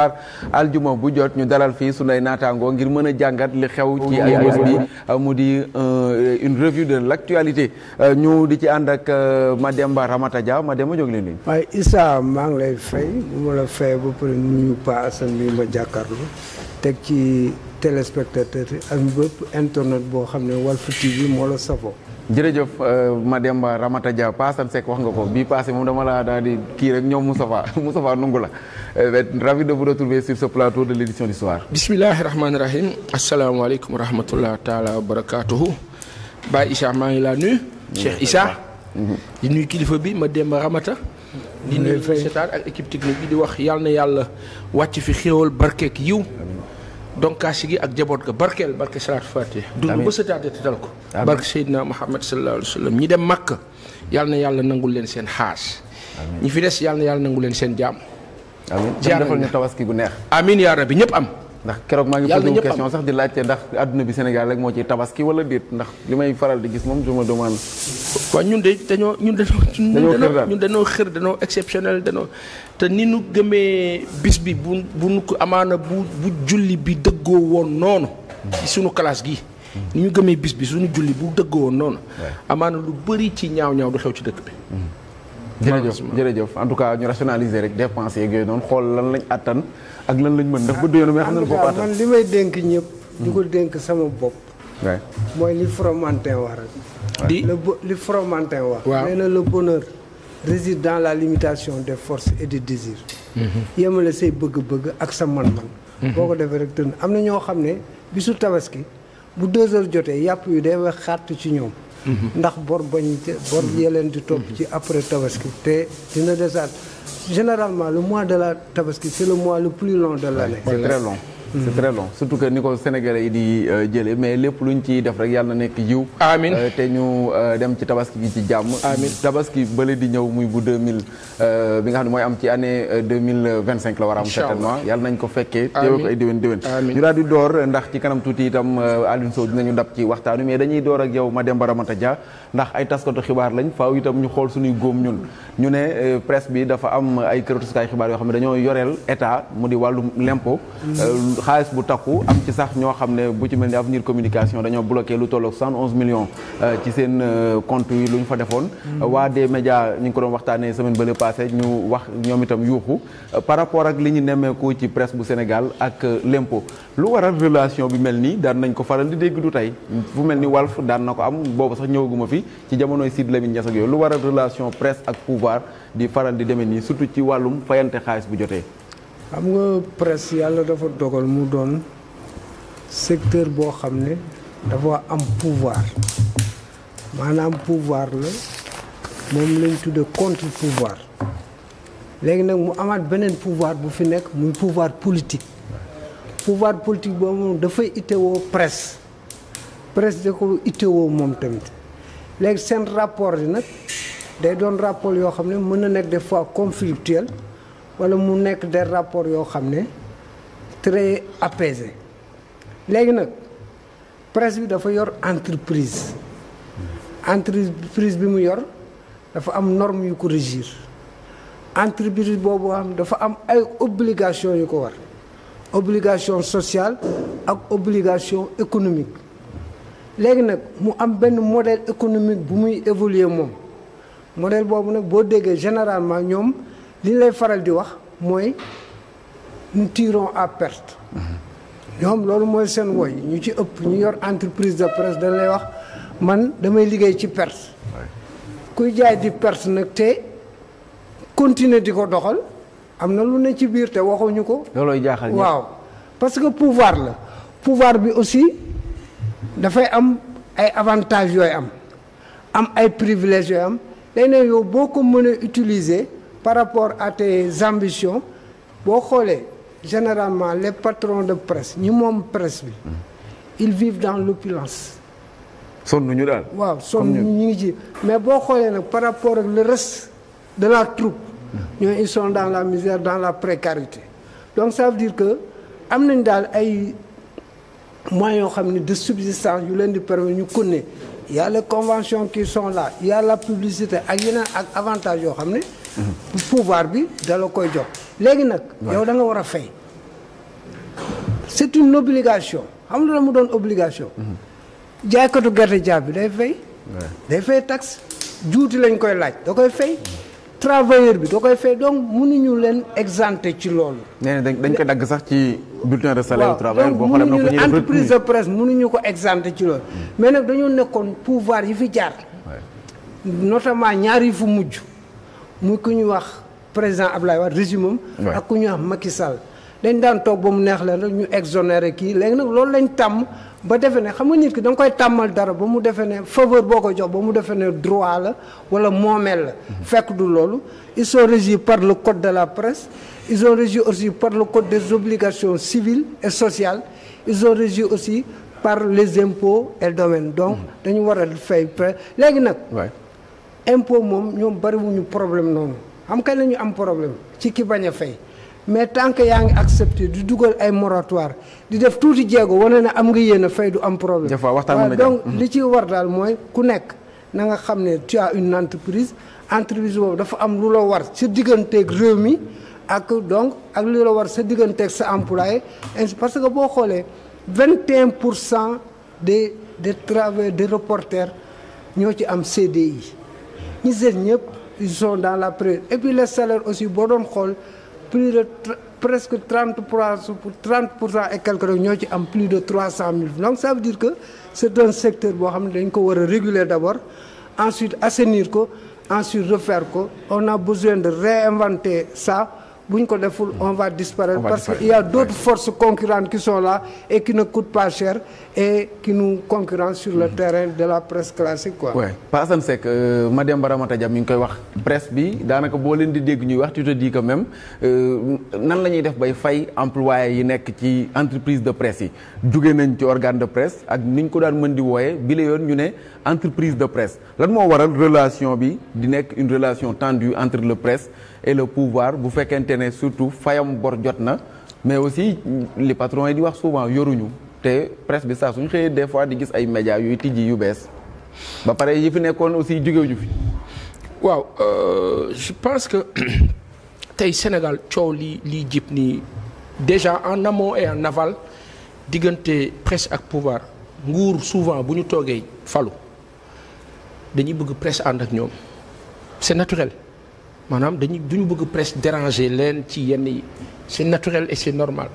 xaar aljuma bu jot ñu dalal fii su sunay naataangoo ngir mën a jàngat li xew ci ay bés bi mu di euh, une revue de l'actualité euh, ñu di ci ànd ak euh, Mademba Ramata Dia Mademba jóg leen nuyu waaye Issa maa ngi lay fay bu ma la fay ba pare nuyu Pa Assane ma jàkkaarloo teg ci téléspectateur yi ak bépp internet boo xam ne Walf TV moo la safoo jërëjëf euh, Mademba Ramata Dia Paasan Seck wax nga ko bii passé moom dama laa daal di kii rek ñoom Moustapha Moustapha nungu la euh, ravi de vous retrouver sur ce plateau de l'édition du soir bismillahi rahmaani rahim asalaamaaleykum wa rahmatullah taala wa barakatuhu Baye Issa maa ngi laa nuyu Cheikh Issa di nuyu kilifa bi ma Mademba Ramata di nuyu seetaan ak équipe technique bi di wax yàlla na yàlla wàcc fi xéewal barkeek yiw donc kaasi gi ak jaboot ga barkeel barke salaatu faatiha dund ba sëtaate te dal ko barke Seydina Muhammad sallallahu alayhi wa ñi dem Makka yàlla na yàlla nangu leen seen xaas ñi fi des yàlla na yàlla nangu leen seen jaam amiin defal ñu tabaski gu neex amiin yaa rabbi ñëpp am ndax keroog maa ngi posé question sax di laajte ndax adduna bi Sénégal rek moo ci tabaski wala déet ndax li may faral di gis moom je me demande. waaw ñun de dañoo ñun dañoo. ñun dañoo xër dañoo exceptionnel dañoo. te ni nu gëmee bis bi bu bu nu ko amaana bu bu julli bi dëggoo woon noonu. ci sunu gi. Mm. ni ñu gëmee bis bi suñu julli bu dëggoo woon noonu. amaana lu bëri ci ñaaw-ñaaw du xew ci dëkk bi. Mm. jërëjëf jërëjëf en tout cas ñu rationaliser rek dépense yeeg yooyu noonu xool lan lañ àttan ak lan lañ mën ndax bëdd yoonu mais xam na bopp man li may dénk ñëpp di ko dénk sama bopp mooy li Fromantin wax rek li Fromantin wax nee na le bonheur réside dans la limitation des force et des désirs mm-hmm. yemale say bëgg-bëgg ak sa man-man mm-hmm. boo ko defee rek tënk am na ñoo xam ne bisu tabaski bu deux heures jotee yàpp yu day wax xàtt ci ñoom ndax bor bañ bor mhm. leen di topp mhm. ci après tabaski te dina desaat généralement le mois de la tabaski c'est le mois le plus long de l'année. C'est c'est mhm. très long surtout que ni ko Sénégalais yi di euh, jëlee mais lépp luñ ciy def rek yàlla na nekk yiw. amiin euh, te ñu euh, dem ci tabaski gi ci jàmm. amiin tabaski bële di ñëw muy bu deux mille bi nga xam ne mooy am ci année deux mille vingt cinq la war a am. certainement yàlla nañ ko fekkee. amiin teewoo ko ay déwén déwén. ñu daal di door ndax ci kanam tuuti itam Alioune Sow dinañu dab ci waxtaanu mais dañuy door ak yow ma Ramata Dia ndax ay taskatu xibaar lañ faaw itam ñu xool suñuy góom ñun ñu ne presse bi dafa am ay kërëtuskaay xibaar yoo xam ne dañoo yoreel état mu di wàllum lempo xaalis bu takku am ci sax ñoo xam ne bu ci mel ni avenir communication dañoo bloqué lu tolloog 111 millions euh, ci seen euh, compte yi lu ñu fa defoon mm. waa des médias ñu ngi ko doon waxtaanee semaine bële passe ñu wax ñoom itam yuuxu euh, par rapport ak li ñu nemmeeku ci presse bu Sénégal ak lempo lu waral relation bi mel nii daan nañ ko faral di dégg du tey fu mel ni Walf daan na ko am boobu sax ñëwaguma fi ci jamonoy Sidy Lamine Niass ak yooyu lu waral relation presse ak pouvoir di faral di demee nii surtout ci wàllum fayante xaalis bu jotee am nga presse yàlla dafa dogal mu doon secteur boo xam ne dafa am pouvoir maanaam pouvoir la moom lañ tudde contre pouvoir léegi nag mu amaat beneen pouvoir bu fi nekk muy pouvoir politique pouvoir politique boobu moom dafay itteewoo presse presse da ko itteewoo moom tamit léegi seen rapport yi nag day doon rapport yoo xam ne mën na nekk des fois conflictuel wala mu nekk der rapports yoo xam ne très apaisé léegi nag presse bi dafa yor entreprise entreprise bi mu yor dafa am norme yu ko régir entreprise boobu am dafa am ay obligation yu ko war obligation sociale ak obligation économique léegi nag mu am benn modèle économique bu muy évoluer moom modèle boobu nag boo déggee généralement ñoom li lay faral di wax mooy nous tirons à perte. ñoom loolu mooy seen woy ñu ci ëpp ñu yor entreprise de presse dañ lay wax man damay liggéey ci perte. kuy jaay di perte nag te continuer di ko doxal am na lu ne ci biir te waxuñu ko. loolooy jaaxal waaw parce que pouvoir la pouvoir bi aussi dafay am ay avantages yooyu am am ay privilèges yooyu am day ne yow boo ko mënee a utiliser. par rapport à tes ambitions boo xoolee généralement les patrons de presse ñi moom presse bi ils vive dans l'opulence sonn ñu daal waaw sonn ñu ngi ci mais boo xoolee nag par rapport ak le reste de la troupe ñoo ils sont dans la misère dans la précarité donc ça veut dire que am nañ daal ay moyens yoo xam ni de subsistance yu leen di permettre ñu connaître y a les conventions qui son là y la publicité ak yeneen ak avantage yoo xam ne pouvoir bi dala koy jox léegi nag yow danga war a fay c'est une obligation xam na la mu doon obligation mhm. jaaykatu gerte jaar bi day fay day fay taxe juuti lañ koy laaj da koy fay travailleur bi da koy fay donc mënuñu leen exempté ci loolu nee na dañ koy dagg sax ci bulletin de salaire travailleur boo xoolee mënuñu entreprise de presse mënuñu ko exempté ci loolu mm. mais nag dañoo nekkoon pouvoir yi fi jaar notamment ñaar yi fu mujj mu ku ñu wax président Ablaye Wade régime am ak ku ñu wax Macky Sall dañ daan toog ba mu neex leen rek ñu exonéré kii léegi nag loolu lañu tàmm ba defe ne xam nga nit ki da nga koy tàmmal dara ba mu defee ne faveur boo ko jox ba mu defee ne droit la wala moomeel la mhm. fekk du loolu ils sont régis par le code de la presse ils sont régis aussi par le code des obligations civiles et sociale ils sont régis aussi par les impôts et domaines donc mhm. dañu waral a fay léegi nag impôt moom ñoom bariwuñu problème noonu xam kañ la ñu am problème ci ki bañ a fay mais tant que yaa ngi accepté di dugal ay moratoire di def tuuti jéego wane na am nga yéen a fay du am problème waaw donc li ci war daal mooy ku nekk na nga xam ne tu as une entreprise entreprise boobu dafa am lu la war sa digganteeg réew mi ak donc ak lu la war sa digganteeg sa employé parce que boo xoolee vingt et pour cent des des travailleurs des reporters ñoo ci am CDI ñi seet ñëpp ils sont la prière et puis aussi boo doon xool plus de presque trente pour trente pour cent et ñoo ci am plus de trois cent mille donc ça dire que c' est un boo xam ne dañ ko war a réguler d' abord ensuite assainir ko ensuite refaire ko on a besoin de réinventer ça bu ñu ko deful on va disparaître parce qu'il y a d'autres forces concurrentes qui sont là et qui ne coûtent pas cher et qui nous concurrencent sur le mhm. terrain de la presse classique quoi Pa Assane Seck euh, Mademba Ramata Dia mi ngi koy wax presse bi daanaka boo leen di dégg ñuy waxtu tu te dis quand même euh, nan la ñuy def bay fay employés yi nekk ci entreprise de presse yi jóge nañ ci organe de presse ak ni ñu ko daan mën di wooyee bi yoon ñu ne entreprise de presse lan moo waral relation bi di nekk une relation tendue entre le presse et le pouvoir bu fekkente ne surtout fayam bor jot na mais aussi li patron yi di wax souvent yoruñu te presque bi saa suñu xëyee des fois di gis ay médias yuy tijji yu bees ba pare yi fi nekkoon aussi jógewuñu fi. waaw euh, je pense que tey Sénégal coow li lii jib nii déjà en amont et en aval diggante presse ak pouvoir nguur souvent bu ñu toogee falu dañuy bëgg presse ànd ak ñoom c'est naturel. maanaam dañuy duñu bëgg presse déranger leen ci yenn yi c'est naturel et c'est normal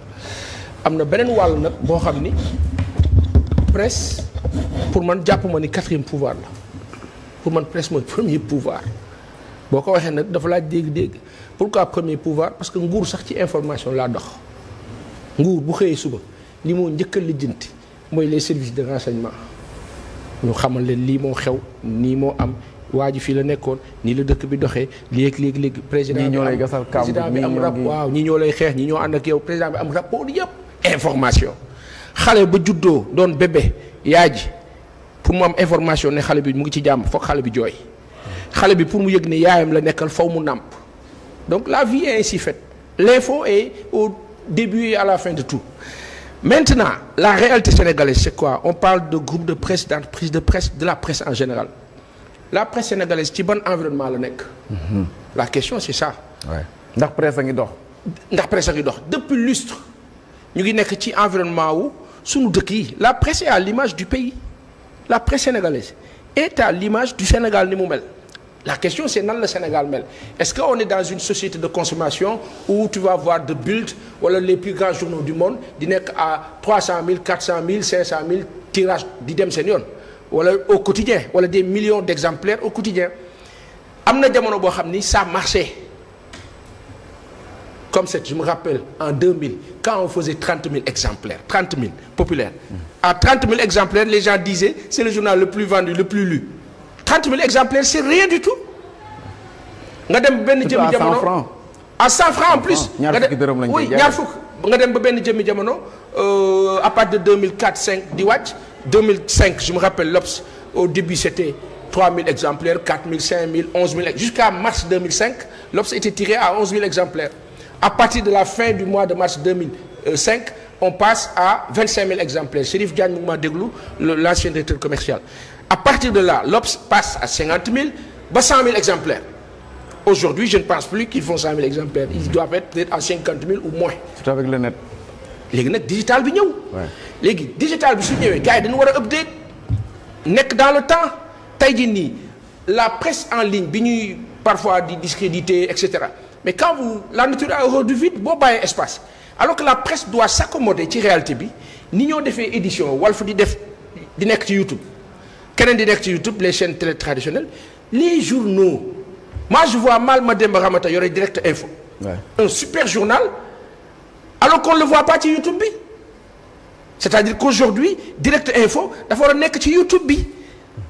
am na beneen wàll nag boo xam ni press pour man jàpp ma ni quatrième pouvoir la pour man presse mooy premier pouvoir boo ko waxee nag dafa laa dégg-dégg pour pourquoi premier pouvoir parce que nguur sax ci information laa dox nguur bu xëyee suba li moo njëkk a lijjanti mooy les service de renseignement ñu xamal leen lii moo xew nii moo am waa ji fii la nekkoon nii la dëkk bi doxee léegi léegi léegi président ñi ñoo lay gasal président bi am ñi ñoo lay xeex ñi ñoo ànd ak yow président bi am rapport yëpp information xale ba juddoo doon bébé yaa ji pour mu am information ne xale bi mu ngi ci jàmm foog xale bi jooy xale bi pour mu yëg ne yaayam la nekkal faw mu nàmp donc la vie est ainsi faite l'info est au début à la fin de tout maintenant la réalité sénégalaise c'est quoi on parle de groupe de presse d'entreprise de presse de la presse en général la presse sénégalaise ci ban environnement la nekk. Mhm. la question c'est ça. ndax presse ngi dox. ndax presse a ngi dox depuis lustre ñu ngi nekk ci environnement wu sunu dëkk yi la presse est à l'image du pays la presse sénégalaise est à l'image du Sénégal ni mu mel. la question c'est nan la Sénégal mel est-ce que on est dans une société de consommation où tu vas voir de Bild wala les plus grands journaux du monde di nekk à 300000 400000 500000 tirages di dem seen yoon. wala au quotidien wala des millions d'exemplaires au quotidien am na jamono boo xam ni sa marchait comme c'est je me rappelle en 2000 quand on faisait 30 000 exemplaires 30 000 populaires à 30 000 exemplaires les gens disaient c'est le journal le plus vendu le plus lu 30 000 exemplaires c'est rien du tout nga dem benn jëmmi à 100 francs en plus ñaar fukki dërëm lañ koy jaay ñaar fukk nga dem ba benn jëmmi jamono euh, à partir de 2004 5 di wàcc 2005 je me rappelle au début c'était 3000 exemplaires 4000 5000 11000 jusqu'à mars 2005 l'Obs était tiré à 11000 de la fin du mois de mars 2005 on passe à 25000 exemplaires Chérif Diagne mu ngi ma déglu l'ancien directeur à partir de là l'Obs passe à 50000 ba 100000 exemplaires aujourd'hui je ne pense plus qu'ils font 100000 exemplaires ils doivent être peut-être bi ñëw. léegi digital bi su ñëwee gars yi dañu war a update nekk dans le temps tey jii nii la presse en ligne bi ñuy parfois di discréditer et cetera mais quand vous la nature a horreur du vide boo bàyyee espace alors que la presse doit s'accommoder ci réalité bi ni ñoo defee édition fu di def di nekk ci YouTube keneen di nekk ci YouTube les chaînes télé traditionnelles les journaux moi je vois mal Mademba Ramata yore direct info. Ouais. un super journal alors qu'on le voit pas c'est-à-dire qu'aujourd'hui direct info dafa war a nekk ci YouTube bi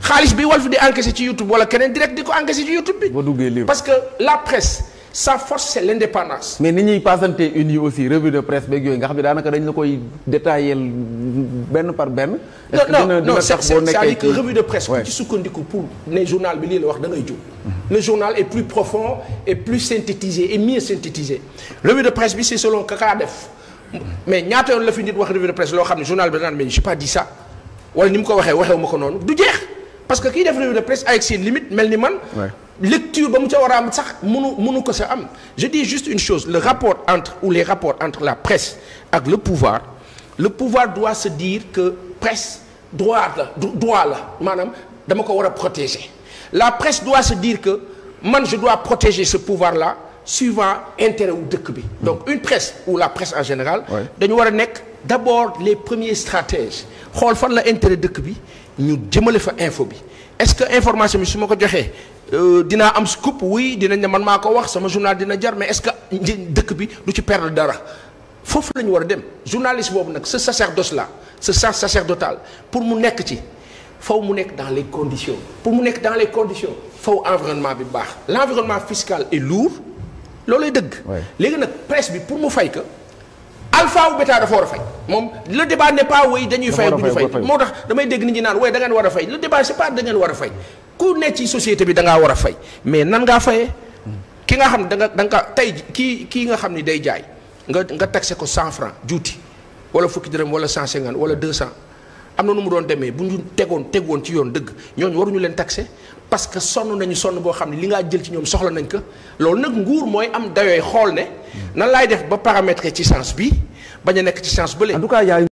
xaalis bi Walf di encaissé ci YouTube wala keneen direct di ko encaissé ci YouTube bi. parce que la presse sa force c'est l'indépendance. mais ni ñuy passante unis aussi revue de presse beeg yooyu nga xam ne daanaka dañ la koy détaillé benn par benn. est-ce que dina dina tax boo nekkee non non ci sukkandiku pour ne journal bi lii la wax da ngay jóg. le journal est plus profond et plus synthétisé et mieux synthétisé revue de bi c'est selon Kaka def. mais ñaata yoon la fi nit wax revue de presse loo xam ne journal bi naan mais j'ai pas dit ça wala ni mu ko waxee waxewu ma ko noonu du jeex parce que kii def revue de presse avec ses limites mel ni man. lecture ba mu ca war a am sax mënu mënu ko sa am je dis juste une chose le rapport entre ou les rapports entre la presse ak le pouvoir le pouvoir doit se dire que presse droit la droit la maanaam dama ko war a protéger la presse doit se dire que man je dois protéger ce pouvoir là. suivant intéret wu dëkk bi. donc une presse ou la presse en général. dañu war a nekk d' abord les premiers stratèges xool fan la intérêt dëkk bi ñu jëmale fa info bi est ce que information bi su ma ko joxee euh, dinaa am scoop wuy dinañ ne man maa ko wax sama journal dina jar mais est ce que dëkk bi du ci perdre dara. foofu la ñu war a dem journaliste boobu nag ce sacerdoce là ce sens sacerdotal pour mu nekk ci faw mu nekk dans les conditions pour mu nekk dans les conditions faw environnement bi baax l' environnement loolooy dëgg. léegi nag presse bi pour mu fay ka alpha ou bêta dafa war a fay moom la débat n'est pas way dañuy fay du ñu fay moo tax damay dégg nit ñi naan way dangeen war a fay le débat c'est pas da war a fay ku nekk ci société bi da war a fay mais nan ngaa fayee ki nga xam ne da nga da nga tey kii kii nga xam ni day jaay nga nga taxé ko cent francs juuti wala fukki dërëm wala cent cinquante wala deux cent am na nu mu doon demee bu ñu tegoon tegoon ci yoon dëgg ñooñu waruñu leen taxé parce que sonn nañu sonn boo xam ne li ngaa jël ci ñoom soxla nañ ko loolu nag nguur mooy am dayooy xool ne nan laay def ba paramétrer ci sens bi bañ a nekk ci sens bële. en tout cas